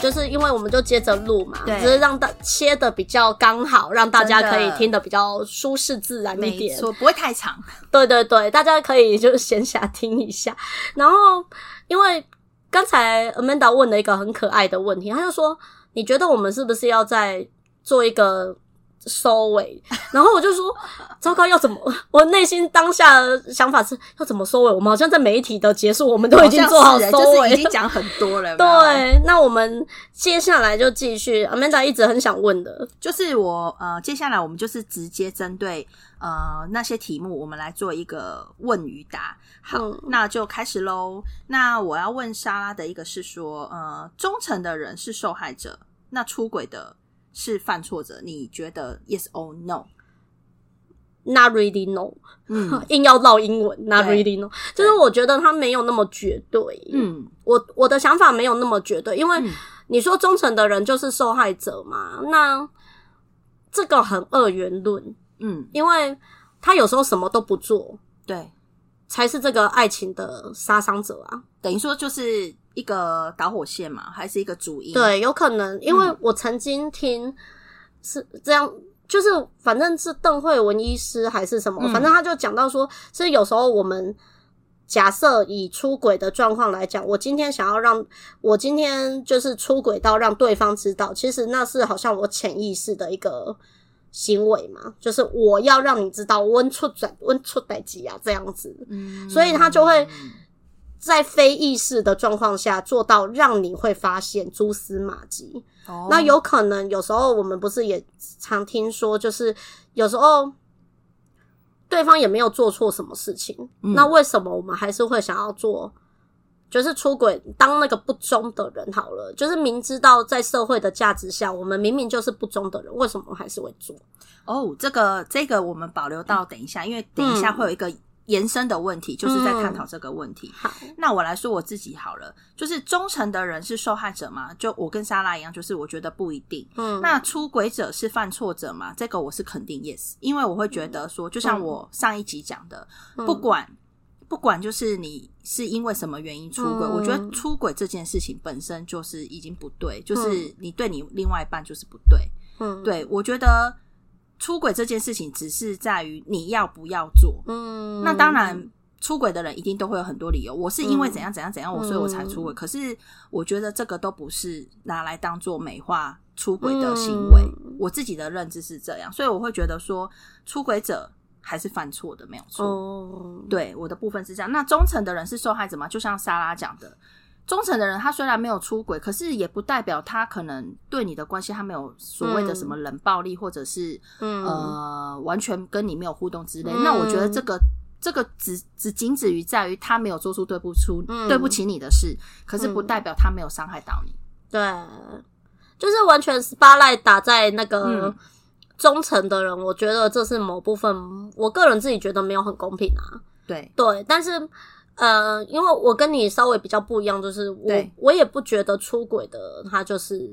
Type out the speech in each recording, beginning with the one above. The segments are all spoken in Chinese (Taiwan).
就是因為我們就接着錄嘛，對，只是讓大切得比較剛好，讓大家可以聽得比較舒適自然一點，說不會太長。對對對，大家可以就是閒暇聽一下。然後，因為剛才 Amanda 問了一個很可愛的問題，她就說：“你覺得我們是不是要再做一個？”收尾，然後我就說：“糟糕，要怎麼？我內心當下的想法是要怎麼收尾？我們好像在每一題的結束，我們都已經做好、收尾、了好，就是已經講很多了。 對”對，那我們接下來就繼續。Amanda 一直很想問的，就是我呃，接下來我們就是直接針對呃那些題目，我們來做一個問與答。好，嗯、那就開始嘍。那我要問莎拉的一個是說，呃，忠誠的人是受害者，那出軌的？是犯錯者？你覺得？Yes or no？Not really no。嗯，硬要繞英文？Not really no。就是我覺得他沒有那麼絕對。嗯，我我的想法沒有那麼絕對，因為你說忠誠的人就是受害者嘛。嗯、那這個很二元論。嗯，因為他有時候什麼都不做，對，才是這個愛情的殺傷者啊。等於說就是。一個導火線嘛，還是一個主因？對，有可能，因為我曾經聽是這樣，嗯、就是反正是鄧惠文醫師還是什麼，嗯、反正他就講到說，是有時候我們假設以出軌的狀況來講，我今天想要讓我今天就是出軌到讓對方知道，其實那是好像我潛意識的一個行為嘛，就是我要讓你知道溫出轉溫出待機啊這樣子、嗯，所以他就會。在非意識的狀況下，做到讓你會發現蛛絲馬跡。Oh. 那有可能有時候我們不是也常聽說，就是有時候對方也沒有做錯什麼事情，嗯，那為什麼我們還是會想要做？就是出軌當那個不忠的人好了，就是明知道在社會的價值下，我們明明就是不忠的人，為什麼還是會做？哦，oh，這個這個我們保留到等一下，嗯，因為等一下會有一個，嗯。延伸的問題就是在探討這個問題、嗯。好，那我來說我自己好了。就是忠誠的人是受害者嗎？就我跟莎拉一樣，就是我覺得不一定。嗯，那出軌者是犯錯者嗎？這個我是肯定 yes，因為我會覺得說，就像我上一集講的、嗯，不管不管，就是你是因為什麼原因出軌、嗯，我覺得出軌這件事情本身就是已經不對，就是你對你另外一半就是不對。嗯，對，我覺得。出軌這件事情，只是在於你要不要做。嗯，那當然，出軌的人一定都會有很多理由。我是因為怎樣怎樣怎樣我，我、嗯、所以我才出軌、嗯。可是我覺得這個都不是拿來當做美化出軌的行為、嗯。我自己的認知是這樣，所以我會覺得說，出軌者還是犯錯的，沒有錯、哦。對，我的部分是這樣。那忠誠的人是受害者嗎？就像莎拉講的。忠誠的人，他雖然沒有出軌，可是也不代表他可能對你的關係，他沒有所謂的什麼冷暴力，嗯、或者是、嗯、呃完全跟你沒有互動之類、嗯。那我覺得這個這個只只僅止於在於他沒有做出對不出對不起你的事、嗯，可是不代表他沒有傷害到你。對，就是完全把賴打在那個忠誠的人、嗯，我覺得這是某部分，我個人自己覺得沒有很公平啊。對對，但是。呃，因為我跟你稍微比較不一樣，就是我我也不覺得出軌的他就是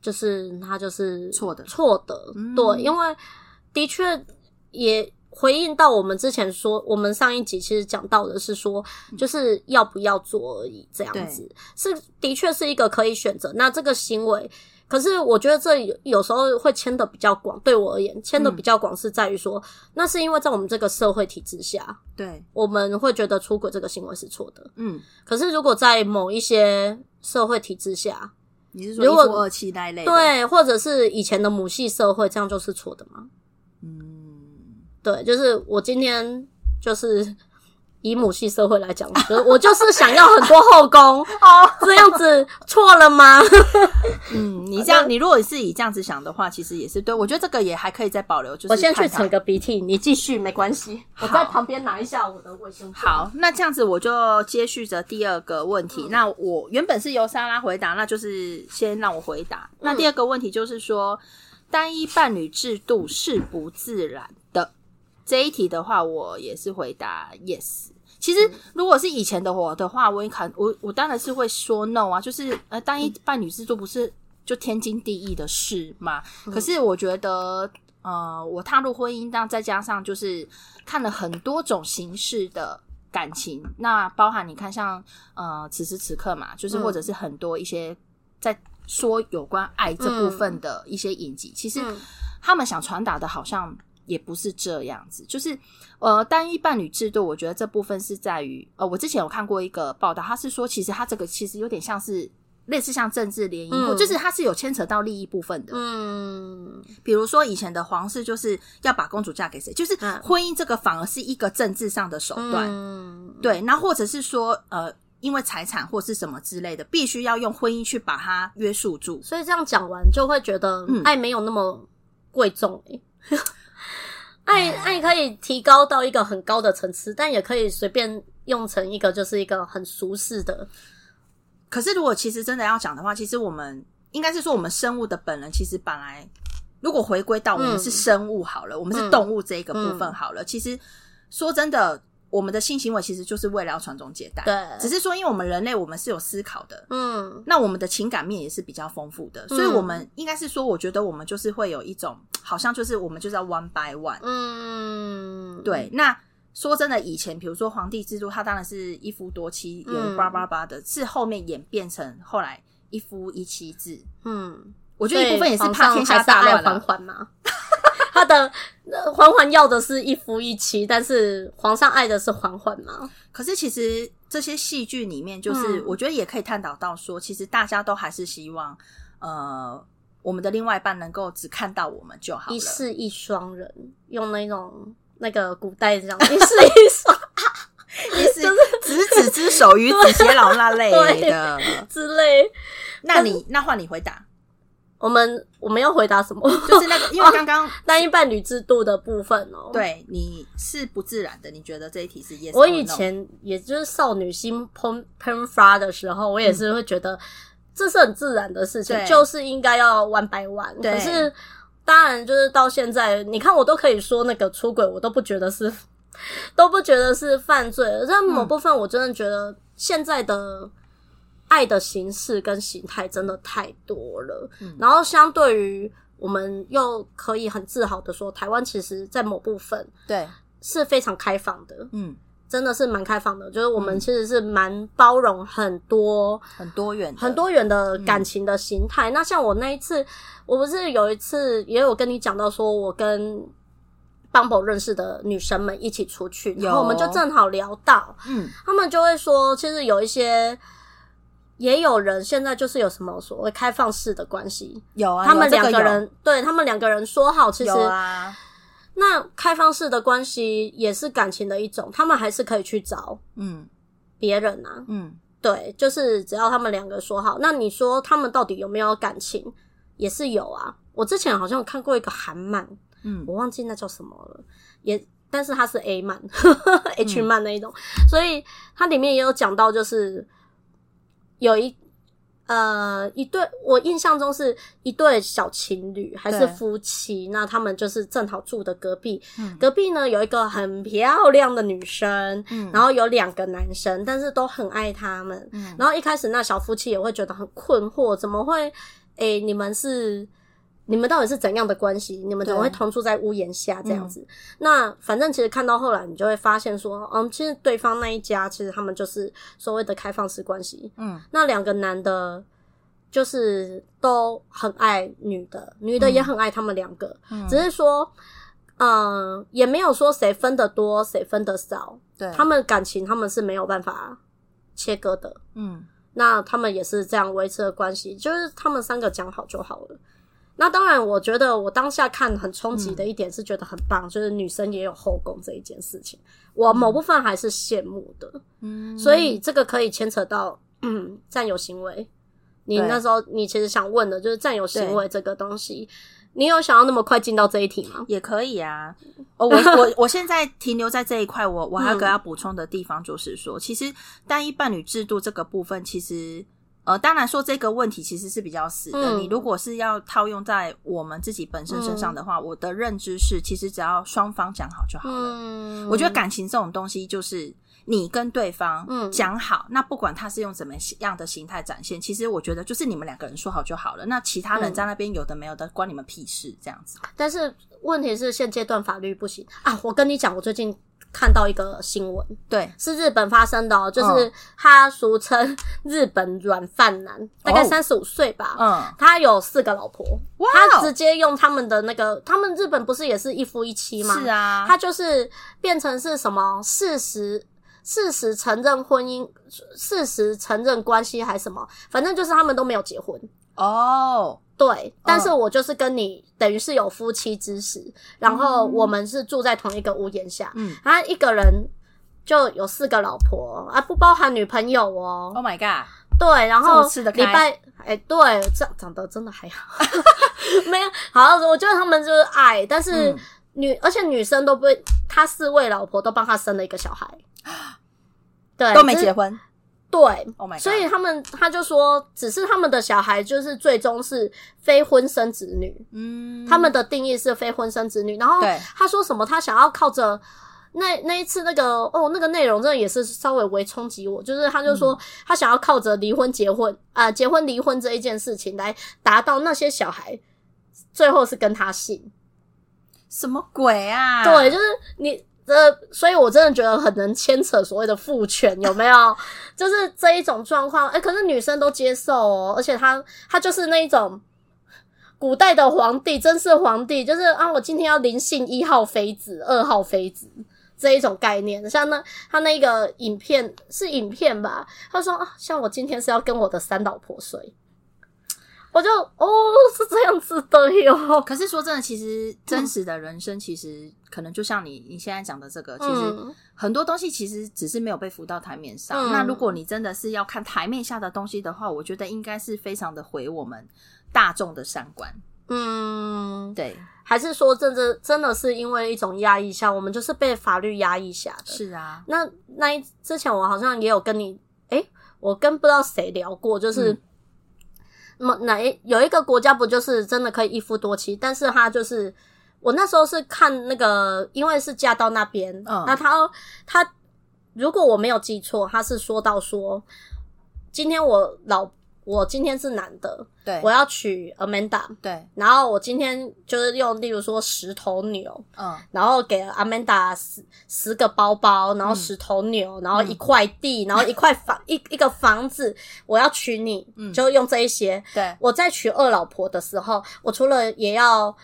就是他就是錯的錯的，對，嗯、因為的確也回應到我們之前說，我們上一集其實講到的是說、嗯，就是要不要做而已，這樣子，是的確是一個可以選擇，那這個行為。可是我覺得這有有時候會牽的比較廣，對我而言，牽的比較廣是在於說，那是因為在我們這個社會體制下，對我們會覺得出軌這個行為是錯的，嗯。可是如果在某一些社會體制下，你是說如果，對，或者是以前的母系社會，這樣就是錯的嗎？嗯，對，就是我今天就是。以母系社會來講，就是、我就是想要很多後宮， 這樣子錯 了嗎？ 嗯，你這樣，你如果是以這樣子想的話，其實也是對。我覺得這個也還可以再保留。就是、我先去擤個鼻涕，你繼續沒關係。我在旁邊拿一下我的衛生紙。好，那這樣子我就接續着第二個問題、嗯。那我原本是由莎拉回答，那就是先讓我回答、嗯。那第二個問題就是說，單一伴侶制度是不自然。這一題的話，我也是回答 yes。其實、嗯、如果是以前的我的話，我肯我我當然是會說 no 啊，就是呃，單一伴侶制度不是就天經地義的事嘛、嗯。可是我覺得呃，我踏入婚姻，那再加上就是看了很多種形式的感情，那包含你看像呃此時此刻嘛，就是或者是很多一些在說有關愛這部分的一些影集，嗯、其實、嗯、他們想傳達的好像。也不是這樣子，就是呃，單一伴侶制度，我覺得這部分是在於呃，我之前有看過一個報道，他是說其實他這個其實有點像是類似像政治聯姻，嗯、或就是他是有牽扯到利益部分的，嗯，比如說以前的皇室就是要把公主嫁給誰，就是婚姻這個反而是一個政治上的手段，嗯，對，那或者是說呃，因為財產或是什麼之類的，必須要用婚姻去把它約束住，所以這樣講完就會覺得愛沒有那麼貴重、欸。嗯愛愛可以提高到一個很高的層次，但也可以隨便用成一個，就是一個很俗世的。可是，如果其實真的要講的話，其實我們應該是說，我們生物的本能，其實本來，如果回歸到我們是生物好了，嗯、我們是動物這一個部分好了、嗯嗯，其實說真的。我們的性行為其實就是為了要傳宗接代，對。只是說，因為我們人類，我們是有思考的，嗯。那我們的情感面也是比較豐富的、嗯，所以我們應該是說，我覺得我們就是會有一種，好像就是我們就叫 one by one，嗯。對，那說真的，以前比如說皇帝制度，他當然是一夫多妻，有巴巴巴的，是後面演變成後來一夫一妻制。嗯，我覺得一部分也是怕天下大亂，緩、嗯、緩嗎？ 他的嬛嬛要的是一夫一妻，但是皇上愛的是嬛嬛嘛？可是其實這些戲劇裡面，就是我覺得也可以探討到說，其實大家都還是希望、嗯，呃，我們的另外一半能夠只看到我們就好了。一世一雙人，用那種那個古代這樣 一世一、 就是，一世一雙，就是執子之手與子偕老那類的 之類。那你那換你回答。 我們我們要回答什麼？就是那個，因為剛剛 單一伴侶制度的部分哦、喔。對，你是不自然的？你覺得這一題是、yes？No? 我以前也就是少女心噴噴發的時候，我也是會覺得這是很自然的事情，嗯、就是應該要 one by one。可是當然，就是到現在，你看我都可以說那個出軌，我都不覺得是，都不覺得是犯罪。在某部分，我真的覺得現在的。嗯愛的形式跟形態真的太多了，嗯、然後相對於我們又可以很自豪的說，台灣其實在某部分對是非常開放的，嗯，真的是蠻開放的，就是我們其實是蠻包容很多、嗯、很多元的很多元的感情的形態、嗯。那像我那一次，我不是有一次也有跟你講到，說我跟 Bumble 認識的女生們一起出去，然後我們就正好聊到，嗯，他們就會說，其實有一些。也有人現在就是有什麼所謂開放式的關係，有啊，他們兩個人，啊這個，對他們兩個人說好，其實有，啊，那開放式的關係也是感情的一種，他們還是可以去找嗯別人啊，嗯，對，就是只要他們兩個說好，那你說他們到底有沒有感情也是有啊。我之前好像有看過一個韓漫，嗯，我忘記那叫什麼了，也但是它是 A 漫， H 漫那一種，嗯，所以它裡面也有講到就是。有一呃一對，我印象中是一對小情侶還是夫妻？那他們就是正好住的隔壁，嗯、隔壁呢有一個很漂亮的女生、嗯，然後有兩個男生，但是都很愛他們、嗯。然後一開始那小夫妻也會覺得很困惑，怎麼會？欸，你們是？你們到底是怎樣的關係？你們怎麼會同住在屋檐下這樣子、嗯？那反正其實看到後來，你就會發現說，嗯，其實對方那一家其實他們就是所謂的開放式關係。嗯，那兩個男的就是都很愛女的，女的也很愛他們兩個、嗯，只是說，嗯，也沒有說誰分得多，誰分得少。對，他們感情他們是沒有辦法切割的。嗯，那他們也是這樣維持的關係，就是他們三個講好就好了。那當然，我覺得我當下看很衝擊的一點是覺得很棒，嗯、就是女生也有後宮這一件事情、嗯，我某部分還是羨慕的。嗯，所以這個可以牽扯到嗯，佔有行為。你那時候你其實想問的就是佔有行為這個東西，你有想要那麼快進到這一題嗎？也可以啊。哦、oh， 我我我現在停留在這一塊。我我還有個要補充的地方，就是說、嗯，其實單一伴侶制度這個部分，其實。呃，當然說這個問題其實是比較死的、嗯。你如果是要套用在我們自己本身身上的話，嗯、我的認知是，其實只要雙方講好就好了、嗯。我覺得感情這種東西就是你跟對方講好，嗯、那不管他是用怎麼樣的形態展現、嗯，其實我覺得就是你們兩個人說好就好了。那其他人在那邊有的沒有的，關你們屁事、嗯、這樣子。但是問題是現階段法律不行啊！我跟你講，我最近。看到一個新聞，對，是日本發生的哦，就是他俗稱日本軟飯男，oh. 大概三十五歲吧，oh. uh. 他有四個老婆，wow. 他直接用他們的那個，他們日本不是也是一夫一妻嗎？是啊，他就是變成是什麼事實，事實承認婚姻，事實承認關係還是什麼，反正就是他們都沒有結婚哦。Oh. 對，但是我就是跟你、oh. 等於是有夫妻之實，然後我們是住在同一個屋檐下，他、嗯啊、一個人就有四個老婆啊，不包含女朋友哦。Oh my god！對，然後禮拜，哎、欸，對，長長得真的還好，哈哈哈，沒有，好，我覺得他們就是愛，但是女，嗯、而且女生都不會，他四位老婆都幫他生了一個小孩，對，都沒結婚。對，oh、所以他們他就說，只是他們的小孩就是最終是非婚生子女，嗯，他們的定義是非婚生子女。然後他說什麼，他想要靠着那那一次那個哦那個內容，真的也是稍微微衝擊我，就是他就說、嗯、他想要靠着離婚結婚啊、呃，結婚離婚這一件事情來達到那些小孩最後是跟他姓，什麼鬼啊？對，就是你。呃，所以我真的覺得很能牽扯所謂的父權，有沒有？ 就是這一種狀況。哎、欸，可是女生都接受哦，而且他他就是那一種古代的皇帝，真是皇帝，就是啊，我今天要臨幸一號妃子、二號妃子這一種概念。像那他那個影片，是影片吧，他說啊，像我今天是要跟我的三老婆睡。我就哦，是這樣子的喲。可是說真的，其實真實的人生，其實可能就像你、嗯、你現在講的這個，其實很多東西其實只是沒有被浮到台面上、嗯。那如果你真的是要看台面下的東西的話，我覺得應該是非常的毀我們大眾的三觀。嗯，對。還是說，真的真的是因為一種壓抑下，我們就是被法律壓抑下的。是啊。那那之前我好像也有跟你，哎、欸，我跟不知道誰聊過，就是、嗯。那哪一有一個國家不就是真的可以一夫多妻？但是他就是，我那時候是看那個，因為是嫁到那邊、嗯，那他他如果我沒有記錯，他是說到說今天我老。我今天是男的，對，我要娶 Amanda，對，然後我今天就是用，例如說十頭牛，嗯，然後給 Amanda 十十個包包，然後十頭牛，嗯，然後一塊地，嗯，然後一塊房 一一個房子，我要娶你，嗯，就用這一些，對，我在娶二老婆的時候，我除了也要。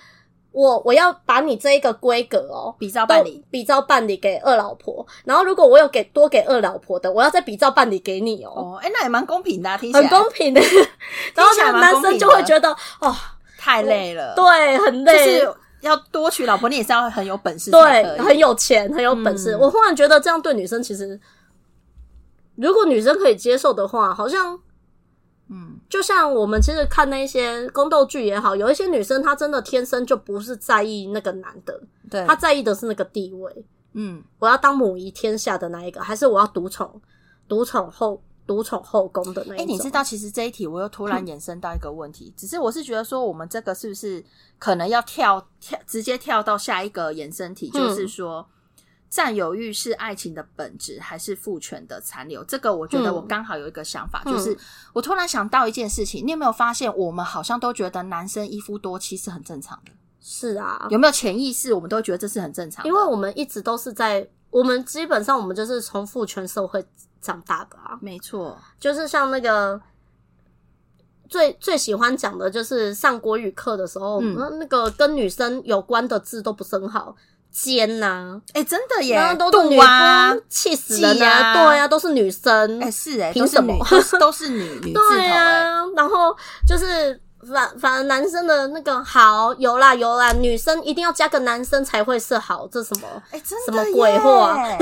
我我要把你這一個規格哦，比照辦理，比照辦理給二老婆。然後如果我有給多給二老婆的，我要再比照辦理給你哦。哦，哎，那也蠻公平的，聽起來，很 公平的。然後男生就會覺得哦，太累了。對，很累，就是要多娶老婆，你也是要很有本事，對，很有錢，很有本事，嗯。我忽然覺得這樣對女生其實，如果女生可以接受的話，好像嗯。就像我們其實看那些宮鬥劇也好，有一些女生她真的天生就不是在意那個男的，對，她在意的是那個地位，嗯，我要當母儀天下的那一個，還是我要獨寵獨寵後獨寵後宮的那一種？哎、欸，你知道，其實這一題我又突然延伸到一個問題、嗯，只是我是覺得說，我們這個是不是可能要跳跳直接跳到下一個延伸題、嗯，就是說。佔有慾是愛情的本質，還是父權的殘留？這個我覺得我剛好有一個想法，嗯，就是我突然想到一件事情，嗯，你有沒有發現，我們好像都覺得男生一夫多妻是很正常的？是啊，有沒有潛意識，我們都覺得這是很正常的？因為我們一直都是在我們基本上我們就是從父權社會長大的啊，沒錯，就是像那個最最喜歡講的就是上國語課的時候，那那個跟女生有關的字都不是很好。嗯尖吶、啊，誒、欸、真的耶，都女啊，氣死的呀、啊，對呀、啊，都是女生，誒、欸、是誒、欸、憑什麼，都是女，都是女 對、啊、女字頭、欸、然後就是反反而男生的那個好，有啦有啦，女生一定要加個男生才會是好，這是什麼、欸、真的？什麼鬼話啊，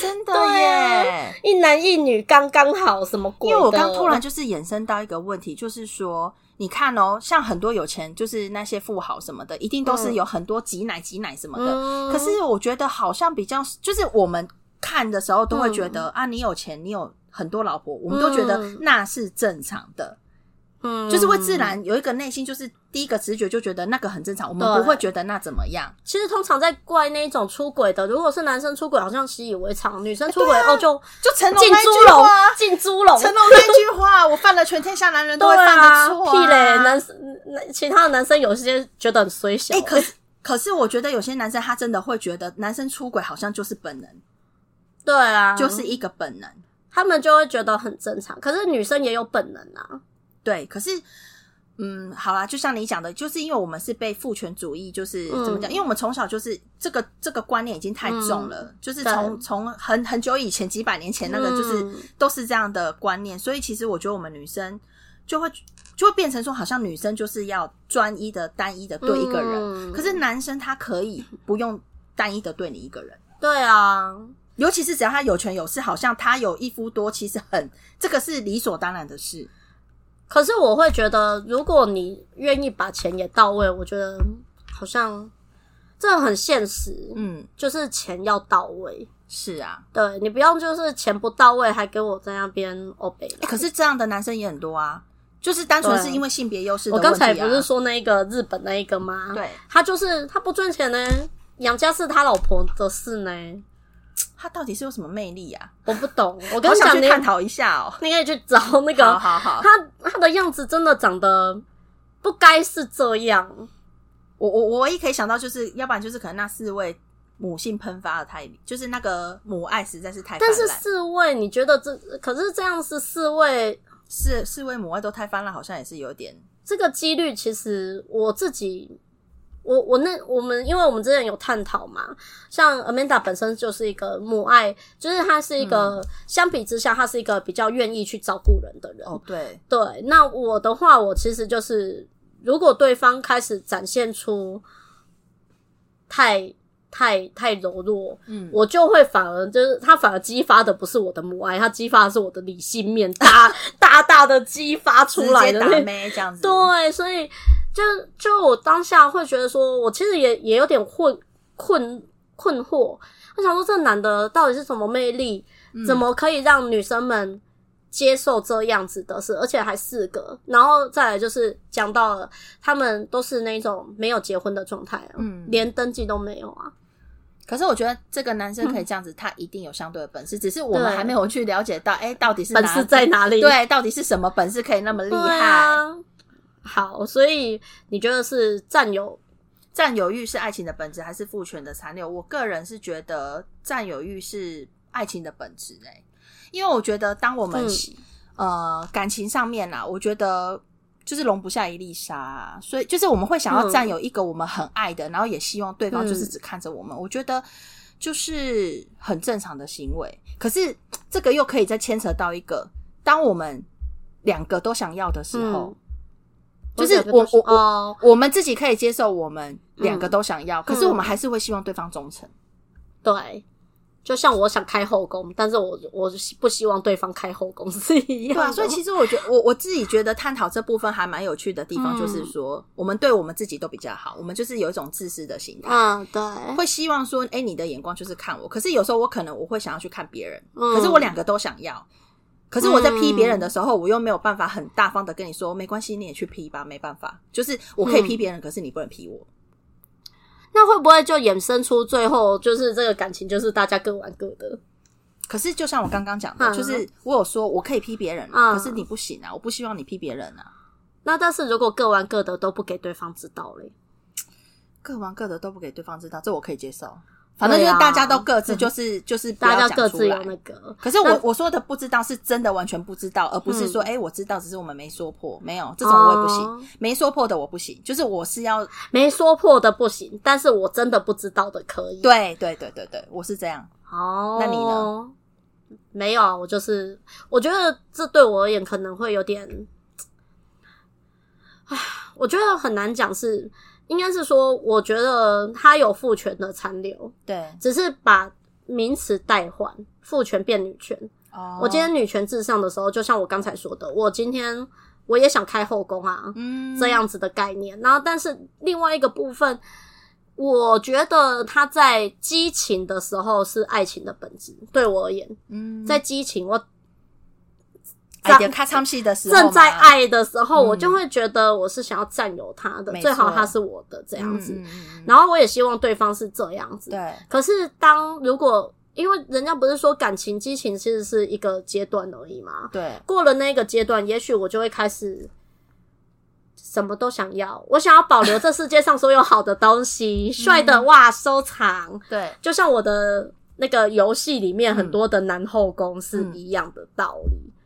真的， 對啊，真的耶，一男一女剛剛好，什麼鬼？因為我剛突然就是衍生到一個問題，就是說。你看哦，像很多有錢，就是那些富豪什麼的，一定都是有很多擠奶、擠奶什麼的、嗯。可是我覺得好像比較，就是我們看的時候都會覺得、嗯、啊，你有錢，你有很多老婆，嗯、我們都覺得那是正常的，嗯、就是會自然有一個內心就是。第一個直覺就覺得那個很正常，我們不會覺得那怎麼樣。其實通常在怪那種出軌的，如果是男生出軌，好像習以為常；女生出軌，欸啊，哦，就就成龍進豬籠進豬籠。成龍那， 那句話，我犯了全天下男人都會犯的錯，啊啊。屁嘞，男男其他的男生有些覺得很衰小，欸。可可是我覺得有些男生他真的會覺得，男生出軌好像就是本能。對啊， 就是一個本能，他們就會覺得很正常。可是女生也有本能啊。對，可是。嗯，好啦、啊，就像你講的，就是因為我們是被父權主義，就是、嗯、怎麼講？因為我們從小就是這個這個觀念已經太重了，嗯、就是從從很很久以前幾百年前那個就是、嗯、都是這樣的觀念，所以其實我覺得我們女生就會就會變成說，好像女生就是要專一的、單一的對一個人、嗯，可是男生他可以不用單一的對你一個人。對啊，尤其是只要他有權有勢，好像他有一夫多妻，其實很這個是理所當然的事。可是我會覺得，如果你願意把錢也到位，我覺得好像這很現實。嗯，就是錢要到位。是啊，對你不用，就是錢不到位，還給我在那邊歐北來。可是這樣的男生也很多啊，就是單純是因為性別優勢的問題啊。我剛才不是說那個日本那一個嗎？對，他就是他不賺錢呢，養家是他老婆的事呢。他到底是有什麼魅力啊？我不懂，我跟你 想去探討一下哦、喔。你可以去找那個， 好好好，他他的樣子真的長得不該是這樣。我我我唯一可以想到，就是要不然就是可能那四位母性噴發的太，就是那個母愛實在是太翻了。但是四位，你覺得這可是這樣是四位四四位母愛都太翻了，好像也是有點這個幾率。其實我自己。我我那我們，因為我們之前有探討嘛，像 Amanda 本身就是一個母愛，就是她是一個、嗯、相比之下，她是一個比較願意去照顧人的人。哦，對對。那我的話，我其實就是如果對方開始展現出太太太柔弱，嗯，我就會反而就是他反而激發的不是我的母愛，他激發的是我的理性面，大 大大的激發出來的，這樣子，對，所以。就就我當下會覺得說，我其實也也有點混困困困惑。我想說，這男的到底是什麼魅力？嗯，怎麼可以讓女生們接受這樣子的事？而且還四個？然後再來就是講到了，他們都是那種沒有結婚的狀態，嗯、連登記都沒有啊。可是我覺得這個男生可以這樣子，嗯、他一定有相對的本事，只是我們還沒有去了解到，哎、欸，到底是本事在哪裡？對，到底是什麼本事可以那麼厲害？好，所以你覺得是占有占有欲是愛情的本質，還是父權的殘留？我個人是覺得占有欲是愛情的本質，哎，因為我覺得當我們、嗯、呃感情上面啦、啊，我覺得就是容不下一粒沙、啊，所以就是我們會想要占有一個我們很愛的、嗯，然後也希望對方就是只看着我們、嗯，我覺得就是很正常的行為。可是這個又可以再牽扯到一個，當我們兩個都想要的時候。嗯就是我我是、哦、我，我，我們自己可以接受，我們兩個都想要、嗯，可是我們還是會希望對方忠誠。嗯、對，就像我想開後宮，但是我我不不希望對方開後宮是一樣的。對啊，所以其實我覺得我我自己覺得探討這部分還蠻有趣的地方，就是說、嗯、我們對我們自己都比較好，我們就是有一種自私的心態啊、嗯，對，會希望說，哎，你的眼光就是看我，可是有時候我可能我會想要去看別人，嗯、可是我兩個都想要。可是我在批別人的時候、嗯，我又沒有辦法很大方的跟你說沒關係，你也去批吧，沒辦法，就是我可以批別人、嗯，可是你不能批我。那會不會就衍生出最後就是這個感情，就是大家各玩各的？可是就像我剛剛講的、嗯，就是我有說我可以批別人、嗯，可是你不行啊，我不希望你批別人啊。那但是如果各玩各的都不給對方知道嘞，各玩各的都不給對方知道，這我可以接受。反正就是大家都各自就是、啊嗯、就是不要講出來、那個。可是我我說的不知道是真的完全不知道，而不是說哎、嗯欸、我知道只是我們沒說破。沒有這種我也不行、哦，沒說破的我不行。就是我是要沒說破的不行，但是我真的不知道的可以。對對對對對，我是這樣。哦，那你呢？沒有，我就是我覺得這對我而言可能會有點，哎，我覺得很難講是。應該是說，我覺得他有父權的殘留，對，只是把名詞代換，父權變女權，哦。我今天女權至上的時候，就像我剛才說的，我今天我也想開後宮啊，嗯，這樣子的概念。然後，但是另外一個部分，我覺得他在激情的時候是愛情的本質，對我而言，嗯，在激情我。在開唱戲的正在愛的時候，嗯，我就會覺得我是想要占有他的，嗯，最好他是我的這樣子，嗯。然後我也希望對方是這樣子。對。可是，當如果因為人家不是說感情激情其實是一個階段而已嘛，對。過了那個階段，也許我就會開始什麼都想要。我想要保留這世界上所有好的東西，帥、嗯、的哇收藏。對。就像我的那個遊戲裡面很多的男後宮是一樣的道理。嗯嗯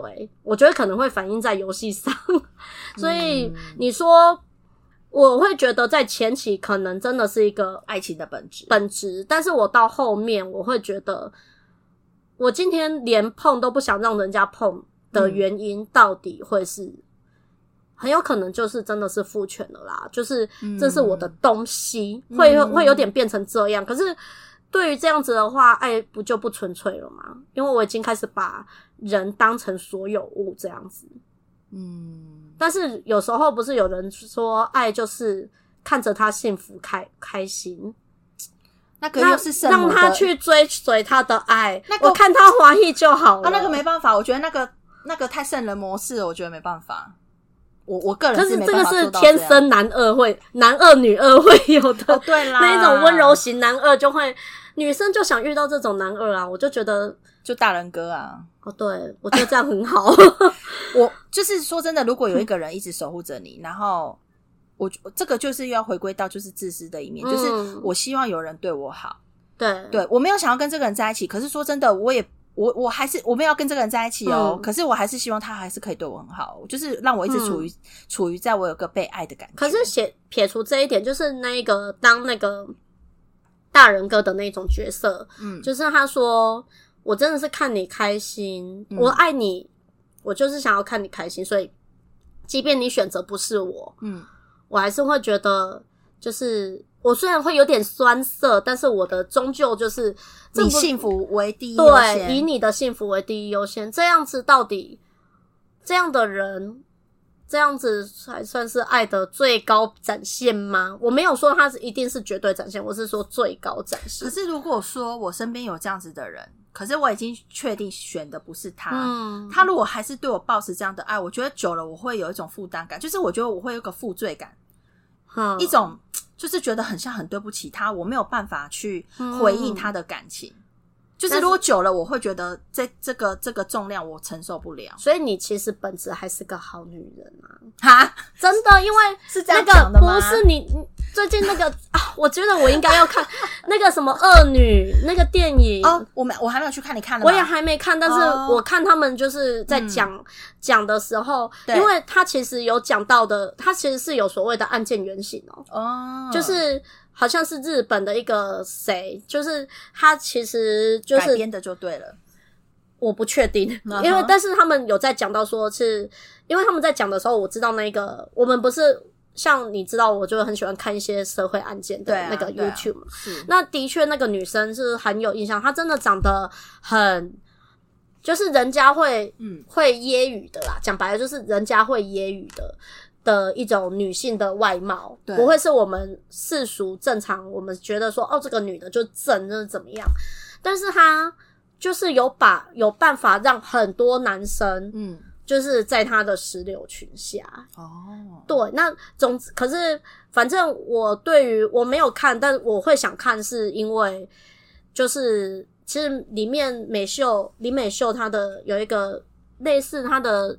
對，我覺得可能會反映在遊戲上，嗯、 所以你說，我會覺得在前期可能真的是一個愛情的本質本質，但是我到後面我會覺得，我今天連碰都不想讓人家碰的原因，到底會是、嗯、很有可能就是真的是父權了啦，就是這是我的東西，嗯、會、嗯、會有點變成這樣，可是。對於這樣子的話，愛不就不純粹了嗎？因為我已經開始把人當成所有物這樣子。嗯，但是有時候不是有人說，愛就是看着他幸福開開心。那個又是什麼？讓他去追隨他的愛，那個我看他歡喜就好了，啊。那個沒辦法，我覺得那個那個太聖人模式了，我覺得沒辦法。我我個人是沒辦法做到這樣子。可是這個是天生男二會，男二女二會有的。哦，對啦，那一種溫柔型男二就會。女生就想遇到這種男二啊，我就覺得就大人哥啊，哦，對，我覺得這樣很好 我。我就是說真的，如果有一個人一直守護着你。嗯，然後我這個就是要回歸到就是自私的一面。嗯，就是我希望有人對我好。對，對我沒有想要跟這個人在一起，可是說真的，我也我我還是我沒有要跟這個人在一起哦。嗯，可是我還是希望他還是可以對我很好，就是讓我一直處於、嗯、處於在我有個被愛的感覺。可是寫撇除這一點，就是那一個當那個。大人格的那種角色，嗯，就是他說：“我真的是看你開心，嗯，我愛你，我就是想要看你開心。所以，即便你選擇不是我，嗯，我還是會覺得，就是我雖然會有點酸澀，但是我的終究就是以幸福為第一優先，對，以你的幸福為第一優先。這樣子到底，這樣的人。”這樣子才算是愛的最高展現嗎？我沒有說他是一定是絕對展現，我是說最高展現。可是如果說我身邊有這樣子的人，可是我已經確定選的不是他，嗯，他如果還是對我抱持這樣的愛，我覺得久了我會有一種負擔感，就是我覺得我會有一個負罪感，嗯，一種就是覺得很像很對不起他，我沒有辦法去回應他的感情。嗯就是如果久了，我會覺得這這個這個重量我承受不了。所以你其實本質還是個好女人啊！哈，真的，因為是那個不是你最近那個啊、哦，我覺得我應該要看那個什麼惡女 那個電影、哦。我沒，我還沒有去看，你看了嗎？我也還沒看，但是我看他們就是在講講、嗯、的時候，因為他其實有講到的，他其實是有所謂的案件原型哦。哦，就是。好像是日本的一個誰，就是他其實就是編的就對了，我不確定，uh -huh. 因為但是他們有在講到說是，因為他們在講的時候，我知道那個我們不是像你知道，我就很喜歡看一些社會案件的那個 YouTube，、對啊、對啊、是那的確那個女生是很有印象，她真的長得很，就是人家會、嗯、會揶揄的啦，講白了就是人家會揶揄的。的一種女性的外貌，不會是我們世俗正常我們覺得說，哦，這個女的就正，就是怎麼樣？但是她就是有把有辦法讓很多男生，嗯，就是在她的石榴裙下。哦、嗯，對，那總之可是反正我對於我沒有看，但我會想看，是因為就是其實裡面美秀李美秀她的有一個類似她的。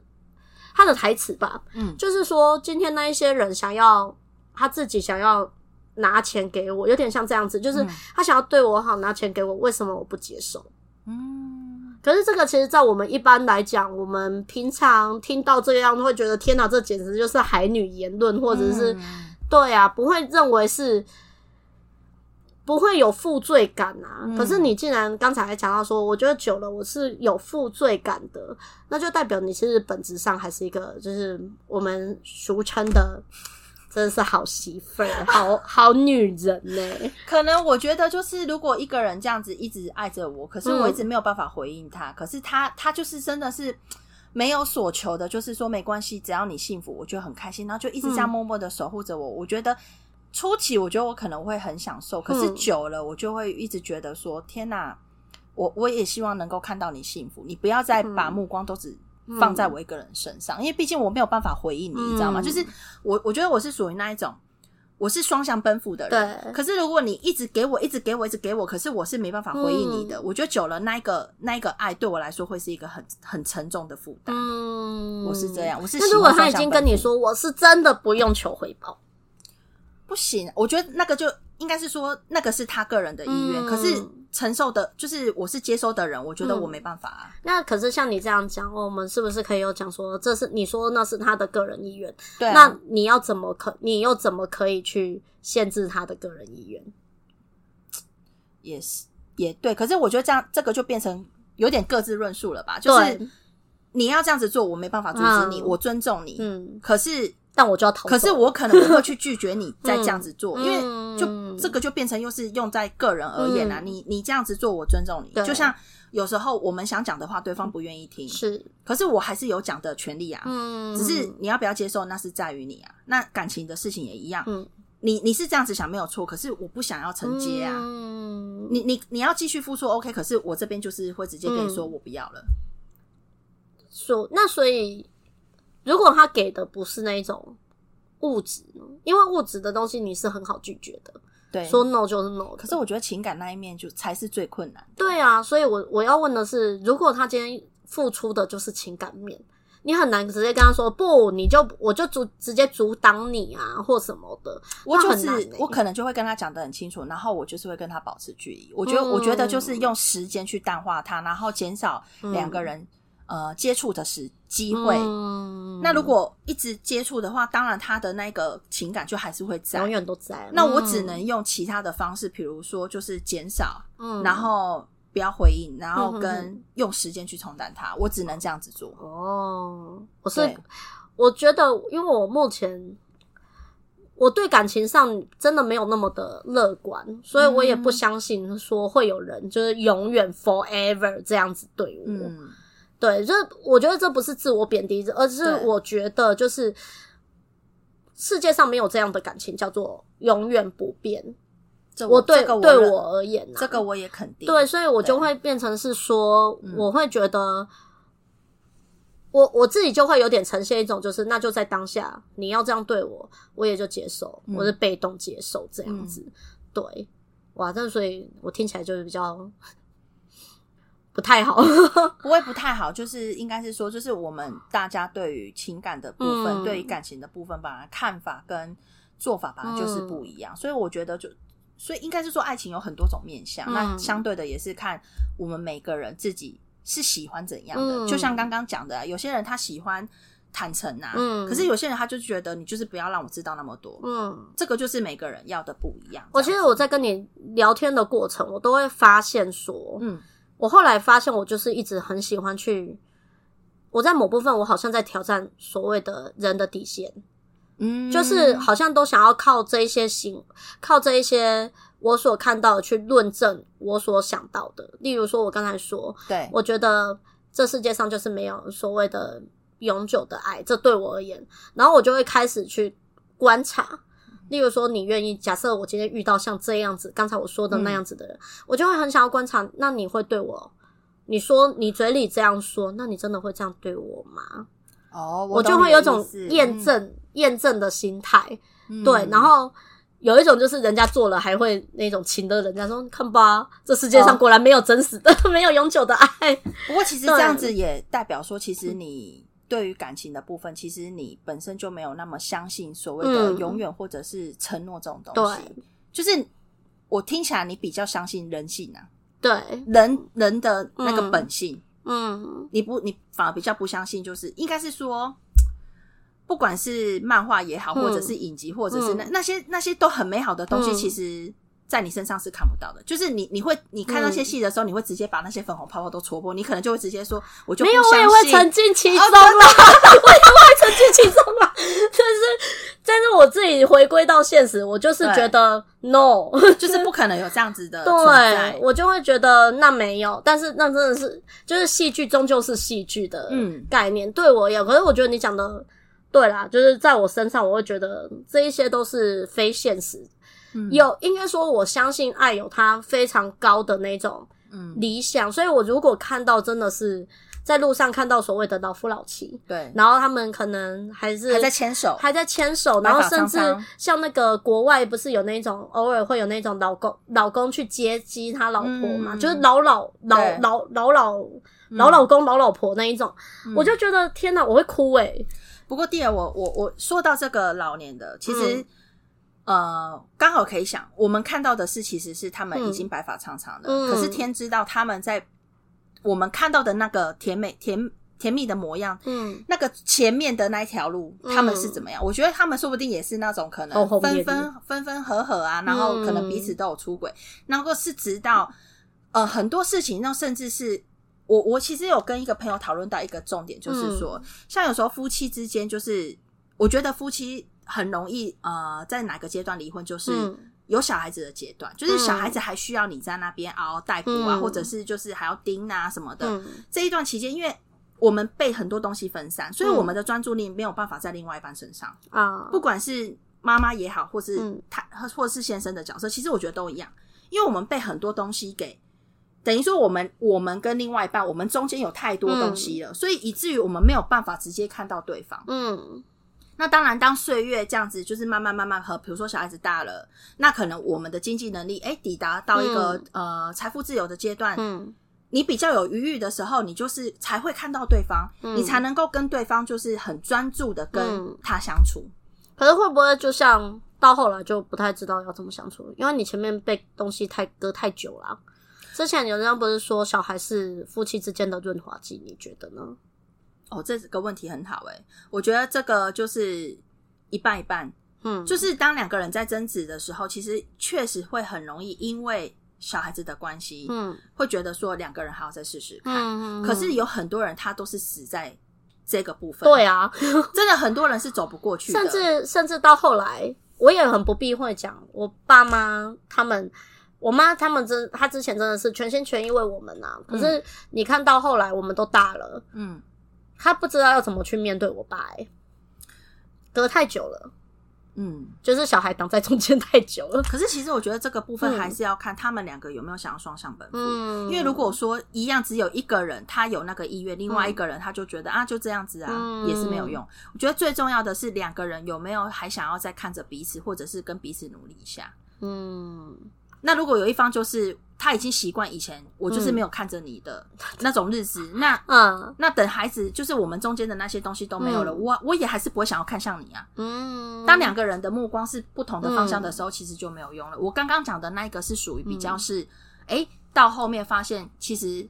他的台詞吧，嗯，就是說今天那一些人想要他自己想要拿錢給我，有點像這樣子，就是他想要對我好，拿錢給我，為什麼我不接受？嗯，可是這個其實，在我們一般來講，我們平常聽到這樣都會覺得天哪，這簡直就是海女言論，或者是對啊，不會認為是。不會有負罪感吶、啊嗯，可是你既然剛才還講到說，我覺得久了我是有負罪感的，那就代表你是本質上還是一個就是我們俗稱的，真的是好媳婦兒，好好女人呢、欸。可能我覺得就是如果一個人這樣子一直愛着我，可是我一直沒有辦法回應他，嗯、可是他他就是真的是沒有所求的，就是說沒關係，只要你幸福，我就很開心，然後就一直這樣默默的守護着我。嗯、我覺得。初期我覺得我可能會很享受，可是久了我就會一直覺得說：嗯、天哪，我我也希望能夠看到你幸福，你不要再把目光都只放在我一個人身上，嗯、因為畢竟我沒有辦法回應你、嗯，你知道嗎？就是我我覺得我是屬於那一種，我是雙向奔赴的人。對，可是如果你一直給我，一直給我，一直給我，可是我是沒辦法回應你的、嗯。我覺得久了那一個，那個那個愛對我來說會是一個很很沉重的負擔。嗯，我是這樣，我是。那如果他已經跟你說，我是真的不用求回報。不行，我覺得那個就應該是說，那個是他個人的意願、嗯。可是承受的，就是我是接收的人，我覺得我沒辦法啊。嗯、那可是像你這樣講，我們是不是可以有講說，這是你說那是他的個人意願？對、啊，那你要怎麼可，你又怎麼可以去限制他的個人意願？也是也對，可是我覺得這樣，這個就變成有點各自論述了吧？就是你要這樣子做，我沒辦法阻止你，嗯、我尊重你。嗯，可是。但我就要逃。可是我可能不會去拒絕你再這樣子做， 嗯、因為就這個就變成又是用在個人而言啊。嗯、你你這樣子做，我尊重你。就像有時候我們想講的話，對方不願意聽，是。可是我還是有講的權利啊。嗯，只是你要不要接受，那是在於你啊。那感情的事情也一樣。嗯，你你是這樣子想沒有錯，可是我不想要承接啊。嗯，你你你要繼續付出 OK，可是我這邊就是會直接跟你說我不要了。所、嗯、那所以。如果他給的不是那一種物質，因為物質的東西你是很好拒絕的，對，說 no 就是 no。可是我覺得情感那一面就才是最困難的。對啊，所以我，我我要問的是，如果他今天付出的就是情感面，你很難直接跟他說不，你就我就阻直接阻擋你啊，或什麼的。我就是、欸、我可能就會跟他講得很清楚，然後我就是會跟他保持距離。我覺得、嗯、我覺得就是用時間去淡化他，然後減少兩個人、嗯。呃，接觸的是機會、嗯。那如果一直接觸的話，當然他的那個情感就還是會在，永遠都在。那我只能用其他的方式，嗯、比如說就是減少、嗯，然後不要回應，然後跟用時間去沖淡他、嗯哼哼。我只能這樣子做。哦，我是我覺得，因為我目前我對感情上真的沒有那麼的樂觀，所以我也不相信說會有人就是永遠 forever 這樣子對我。嗯對，這我覺得這不是自我貶低，而是我覺得就是世界上沒有這樣的感情叫做永遠不變。我，我對、這個、我對我而言、啊，這個我也肯定。對，所以我就會變成是說，我會覺得我我自己就會有點呈現一種，就是、嗯、那就在當下，你要這樣對我，我也就接受，嗯、我是被動接受這樣子。嗯、對，哇，這所以我聽起來就會比較。不太好， 不會不太好，就是應該是說，就是我們大家對於情感的部分，嗯、對於感情的部分吧，吧看法跟做法吧，就是不一樣。嗯、所以我覺得就，就所以應該是說，愛情有很多種面向。嗯、那相對的，也是看我們每個人自己是喜歡怎樣的。嗯、就像剛剛講的，有些人他喜歡坦誠吶、啊嗯，可是有些人他就覺得你就是不要讓我知道那麼多，嗯，這個就是每個人要的不一樣樣。我覺得我在跟你聊天的過程，我都會發現說，嗯。我後來發現，我就是一直很喜歡去。我在某部分，我好像在挑戰所謂的人的底線，嗯，就是好像都想要靠這一些行，靠這一些我所看到的去論證我所想到的。例如說，我剛才說，對，我覺得這世界上就是沒有所謂的永久的愛，這對我而言，然後我就會開始去觀察。例如說你願，你願意假設我今天遇到像這樣子，剛才我說的那樣子的人、嗯，我就會很想要觀察。那你會對我，你說你嘴裡這樣說，那你真的會這樣對我嗎？哦，我，我就會有一種驗證、驗、嗯、證的心態、嗯，對。然後有一種就是人家做了，還會那種情的人家說，看吧，這世界上果然沒有真實的，哦、 沒有永久的愛。不過其實這樣子也代表說，其實你。嗯對於感情的部分，其實你本身就沒有那麼相信所謂的永遠，或者是承諾這種東西。嗯，對，就是我聽起來你比較相信人性啊，對人人的那個本性，嗯。嗯，你不，你反而比較不相信，就是應該是說，不管是漫畫也好，嗯、或者是影集，或者是那、嗯、那些那些都很美好的東西，其實。嗯在你身上是看不到的，就是你，你會你看那些戲的時候、嗯，你會直接把那些粉紅泡泡都戳破，你可能就會直接說，我就不沒有，我也會沉浸其中啦。哦、 我也會沉浸其中啦。但、就是，但是我自己回歸到現實，我就是覺得，no，就是不可能有這樣子的。對我就會覺得那沒有，但是那真的是，就是戲劇終究是戲劇的概念。嗯、對我有，可是我覺得你講的對啦，就是在我身上，我會覺得這一些都是非現實。嗯、有，應該說，我相信愛有它非常高的那種理想、嗯，所以我如果看到真的是在路上看到所謂的老夫老妻，對，然後他們可能還是還在牽手，還在牽手商商，然後甚至像那個國外不是有那種偶爾會有那種老公老公去接機他老婆嘛、嗯，就是老老老，老老老老老老公、嗯、老老婆那一種、嗯，我就覺得天哪，我會哭哎、欸。不過第二，我我我說到這個老年的，其實、嗯。呃，剛好可以想，我們看到的是，其實是他們已經白髮蒼蒼了。可是天知道，他們在我們看到的那個甜美甜甜蜜的模樣，嗯，那個前面的那一條路，嗯，他們是怎麼樣？我覺得他們說不定也是那種可能分分分分，分合合啊，然後可能彼此都有出軌，嗯，然後是直到呃很多事情，那甚至是我我其實有跟一個朋友討論到一個重點，就是說，嗯，像有時候夫妻之間，就是我覺得夫妻。很容易，呃，在哪個階段離婚就是有小孩子的階段、嗯，就是小孩子還需要你在那邊嗷嗷待哺啊、嗯，或者是就是還要盯啊什麼的。嗯、這一段期間，因為我們被很多東西分散，嗯、所以我們的專注力沒有辦法在另外一半身上啊、嗯。不管是媽媽也好，或是他、嗯、或是先生的角色，其實我覺得都一樣，因為我們被很多東西給等於說，我們我們跟另外一半，我們中間有太多東西了，嗯、所以以至於我們沒有辦法直接看到對方。嗯。那當然，當歲月這樣子就是慢慢慢慢和，比如說小孩子大了，那可能我們的經濟能力哎、欸，抵達到一個、嗯、呃財富自由的階段，嗯，你比較有餘裕的時候，你就是才會看到對方，嗯、你才能夠跟對方就是很專注的跟他相處、嗯。可是會不會就像到後來就不太知道要怎麼相處，因為你前面被東西太割太久了。之前有人不是說小孩是夫妻之間的潤滑劑，你覺得呢？哦，這個問題很好哎，我覺得這個就是一半一半，嗯，就是當兩個人在爭執的時候，其實確實會很容易因為小孩子的關係，嗯，會覺得說兩個人還要再試試看、嗯嗯，可是有很多人他都是死在這個部分，對、嗯、啊、嗯，真的很多人是走不過去的，甚至甚至到後來，我也很不避諱講，我爸媽他們，我媽他們真，她之前真的是全心全意為我們吶、啊嗯，可是你看到後來我們都大了，嗯。他不知道要怎麼去面對我爸、欸，隔太久了。嗯，就是小孩擋在中間太久了。可是其實我覺得這個部分還是要看他們兩個有沒有想要雙向奔赴。嗯，因為如果說一樣只有一個人，他有那個意願、嗯，另外一個人他就覺得啊就這樣子啊，嗯、也是沒有用、嗯。我覺得最重要的是兩個人有沒有還想要再看着彼此，或者是跟彼此努力一下。嗯，那如果有一方就是。他已經習慣以前我就是沒有看着你的、嗯、那種日子。嗯那嗯，那等孩子就是我們中間的那些東西都沒有了，嗯、我我也還是不會想要看向你啊。嗯，當兩個人的目光是不同的方向的時候，嗯、其實就沒有用了。我剛剛講的那一個是屬於比較是，哎、嗯欸，到後面發現其實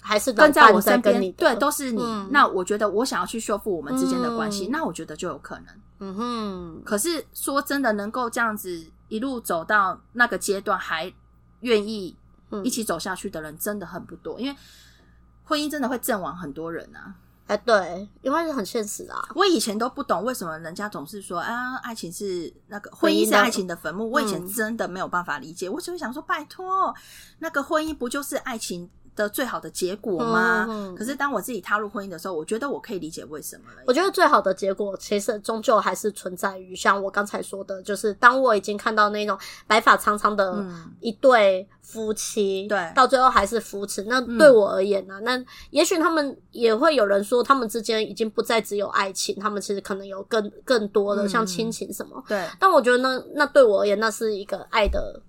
還是在跟你的站在我身邊，對，都是你、嗯。那我覺得我想要去修復我們之間的關係、嗯，那我覺得就有可能。嗯哼。可是說真的，能夠這樣子一路走到那個階段還。願意一起走下去的人真的很不多，因為婚姻真的會陣亡很多人啊。哎，對，因為是很現實的啊。我以前都不懂為什麼人家總是說啊，愛情是那個婚姻是愛情的墳墓。我以前真的沒有辦法理解，我只會想說拜托，那個婚姻不就是愛情。的最好的結果嗎？嗯嗯，可是當我自己踏入婚姻的時候，我覺得我可以理解為什麼。我覺得最好的結果其實終究還是存在於像我剛才說的，就是當我已經看到那種白髮蒼蒼的一對夫妻，對、嗯，到最後還是扶持。對，那對我而言呢、啊嗯？那也許他們也會有人說，他們之間已經不再只有愛情，他們其實可能有更更多的、嗯、像親情什麼。對，但我覺得呢，那對我而言，那是一個愛的。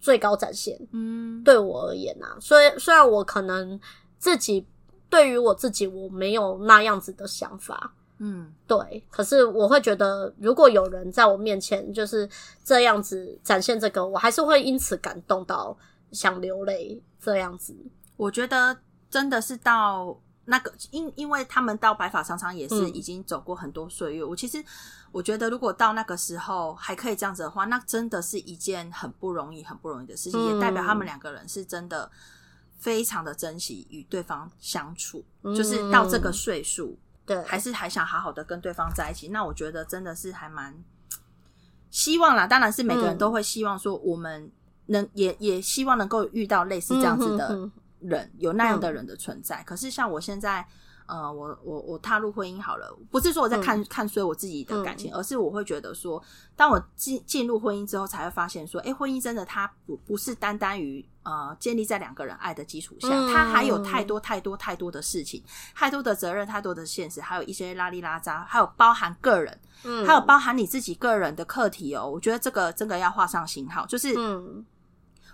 最高展現，嗯，對我而言啊，雖雖然我可能自己對於我自己，我沒有那樣子的想法，嗯，對，可是我會覺得，如果有人在我面前就是這樣子展現這個，我還是會因此感動到想流淚這樣子。我覺得真的是到。那個，因因為他們到白髮蒼蒼也是已經走過很多歲月。我其實我覺得，如果到那個時候還可以這樣子的話，那真的是一件很不容易、很不容易的事情，也代表他們兩個人是真的非常的珍惜與對方相處，就是到這個歲數，對，還是還想好好的跟對方在一起。那我覺得真的是還蠻希望啦。當然是每個人都會希望說，我們能也也希望能夠遇到類似這樣子的。人有那樣的人的存在、嗯，可是像我現在，呃，我我我踏入婚姻好了，不是說我在看、嗯、看衰我自己的感情、嗯，而是我會覺得說，當我進進入婚姻之後，才會發現說，哎，婚姻真的它不不是單單於呃建立在兩個人愛的基礎上、嗯，它還有太多太多太多的事情，太多的責任，太多的現實，還有一些拉里拉雜，還有包含個人、嗯，還有包含你自己個人的課題哦，我覺得這個真的要畫上星號，就是嗯，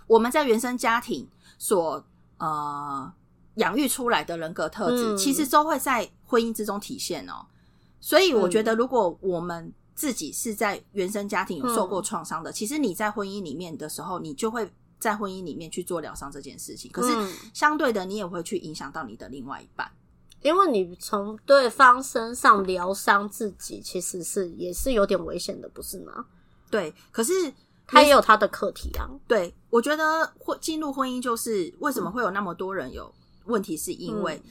我們在原生家庭所。呃，養育出來的人格特質，嗯，其實都會在婚姻之中體現哦，喔。所以我覺得，如果我們自己是在原生家庭有受過創傷的，嗯，其實你在婚姻裡面的時候，你就會在婚姻裡面去做療傷這件事情。可是，相對的，你也會去影響到你的另外一半，因為你從對方身上療傷自己，其實是也是有點危險的，不是嗎？對，可是。他也有他的課題啊、嗯。對，我覺得婚進入婚姻就是，為什麼會有那麼多人有問題，是因為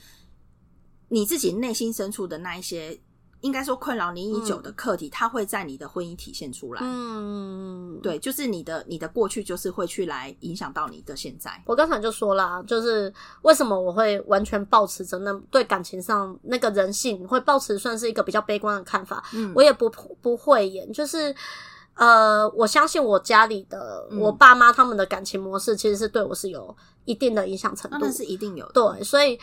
你自己內心深處的那一些，應該說困擾你已久的課題，它會在你的婚姻體現出來。嗯，對，就是你的你的過去，就是會去來影響到你的現在。我剛才就說啦，就是為什麼我會完全抱持著那對感情上那個人性會抱持算是一個比較悲觀的看法。嗯，我也不不會演，就是。呃，我相信我家裡的、嗯、我爸媽他們的感情模式，其實是對我是有一定的影響程度，啊、那是一定有的。對、嗯，所以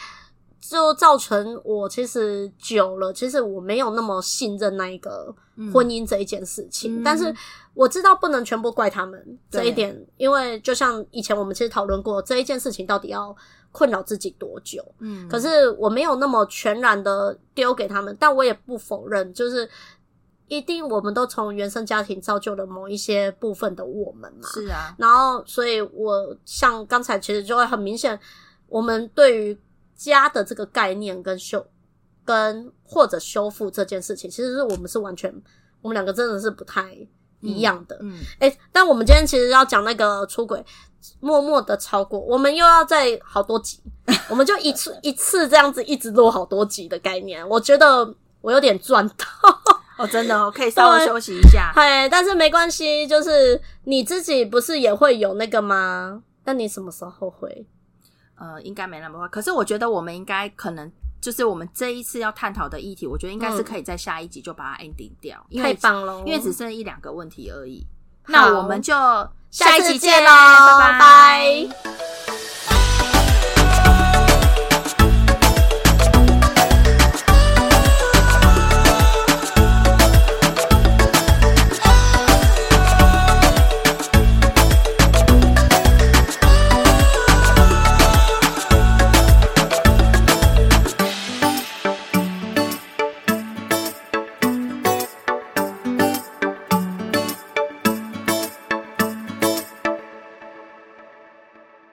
就造成我其實久了，其實我沒有那麼信任那一個婚姻這一件事情、嗯。但是我知道不能全部怪他們這一點，因為就像以前我們其實討論過這一件事情到底要困擾自己多久。嗯，可是我沒有那麼全然的丟給他們，但我也不否認就是。一定，我們都從原生家庭造就了某一些部分的我們嘛。是啊，然後所以我像剛才，其實就會很明顯，我們對於家的這個概念跟修跟或者修復這件事情，其實我們是完全，我們兩個真的是不太一樣的。嗯，哎，但我們今天其實要講那個出軌，默默的超過我們又要再好多集，我們就一次一次這樣子一直錄好多集的概念，我覺得我有點賺到。哦，真的哦，可以稍微休息一下。對，嘿，但是沒關係，就是你自己不是也會有那個嗎？那你什麼時候回？呃，應該沒那麼快。可是我覺得我們應該可能就是我們這一次要探討的議題，我覺得應該是可以在下一集就把它 ending 掉，嗯、太棒了，因為只剩一兩個問題而已。那我們就下一集見嘍，拜拜。拜拜。